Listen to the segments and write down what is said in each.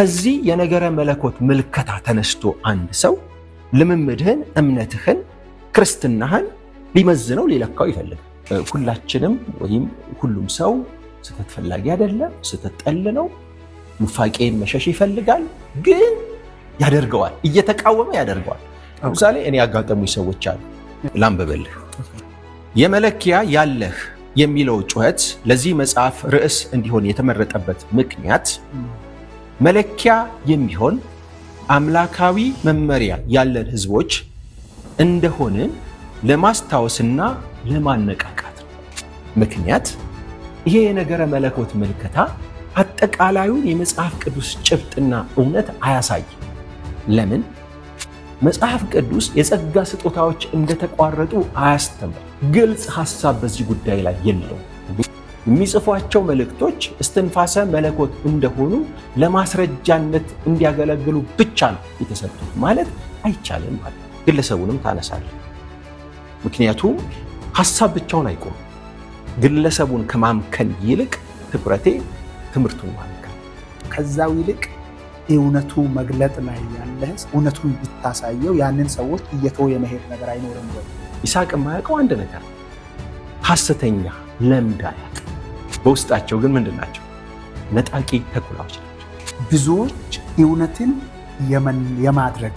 ከዚህ የነገረ መለኮት ምልከታ ተነስቶ አንድ ሰው ልምምድህን፣ እምነትህን፣ ክርስትናህን ሊመዝነው ሊለካው ይፈልጋል። ሁላችንም ወይም ሁሉም ሰው ስህተት ፈላጊ አይደለም። ስህተት ጠል ነው። ኑፋቄን መሸሽ ይፈልጋል፣ ግን ያደርገዋል። እየተቃወመ ያደርገዋል። ለምሳሌ እኔ ያጋጠሙ ሰዎች አሉ። ላንብብልህ። የመለኪያ ያለህ የሚለው ጩኸት ለዚህ መጽሐፍ ርዕስ እንዲሆን የተመረጠበት ምክንያት መለኪያ የሚሆን አምላካዊ መመሪያ ያለን ህዝቦች እንደሆንን ለማስታወስና ለማነቃቃት ነው። ምክንያት ይሄ የነገረ መለኮት ምልከታ አጠቃላዩን የመጽሐፍ ቅዱስ ጭብጥና እውነት አያሳይም። ለምን? መጽሐፍ ቅዱስ የጸጋ ስጦታዎች እንደተቋረጡ አያስተምር። ግልጽ ሐሳብ በዚህ ጉዳይ ላይ የለውም። የሚጽፏቸው መልእክቶች እስትንፋሰ መለኮት እንደሆኑ ለማስረጃነት እንዲያገለግሉ ብቻ ነው የተሰጡት ማለት አይቻልም ማለት ግለሰቡንም ታነሳል። ምክንያቱም ሀሳብ ብቻውን አይቆም። ግለሰቡን ከማምከን ይልቅ ትኩረቴ ትምህርቱን ማምከን፣ ከዛው ይልቅ እውነቱ መግለጥ ላይ ያለ እውነቱን ብታሳየው ያንን ሰዎች እየተው የመሄድ ነገር አይኖርም ይሳቅ ይስሐቅ የማያውቀው አንድ ነገር ሀሰተኛ ለምድ አያውቅም። በውስጣቸው ግን ምንድን ናቸው? ነጣቂ ተኩላዎች ናቸው። ብዙዎች እውነትን የማድረግ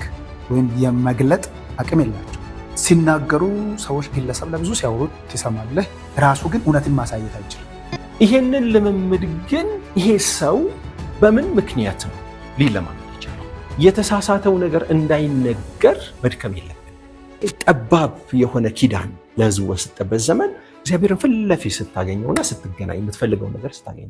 ወይም የመግለጥ አቅም የላቸው። ሲናገሩ ሰዎች ግለሰብ ለብዙ ሲያወሩ ትሰማለህ፣ ራሱ ግን እውነትን ማሳየት አይችልም። ይሄንን ልምምድ ግን ይሄ ሰው በምን ምክንያት ነው ሊለማመድ ይቻላል? የተሳሳተው ነገር እንዳይነገር መድከም የለብን። ጠባብ የሆነ ኪዳን ለህዝቡ በሰጠበት ዘመን እግዚአብሔርን ፊት ለፊት ስታገኘውና ስትገናኝ የምትፈልገው ነገር ስታገኝ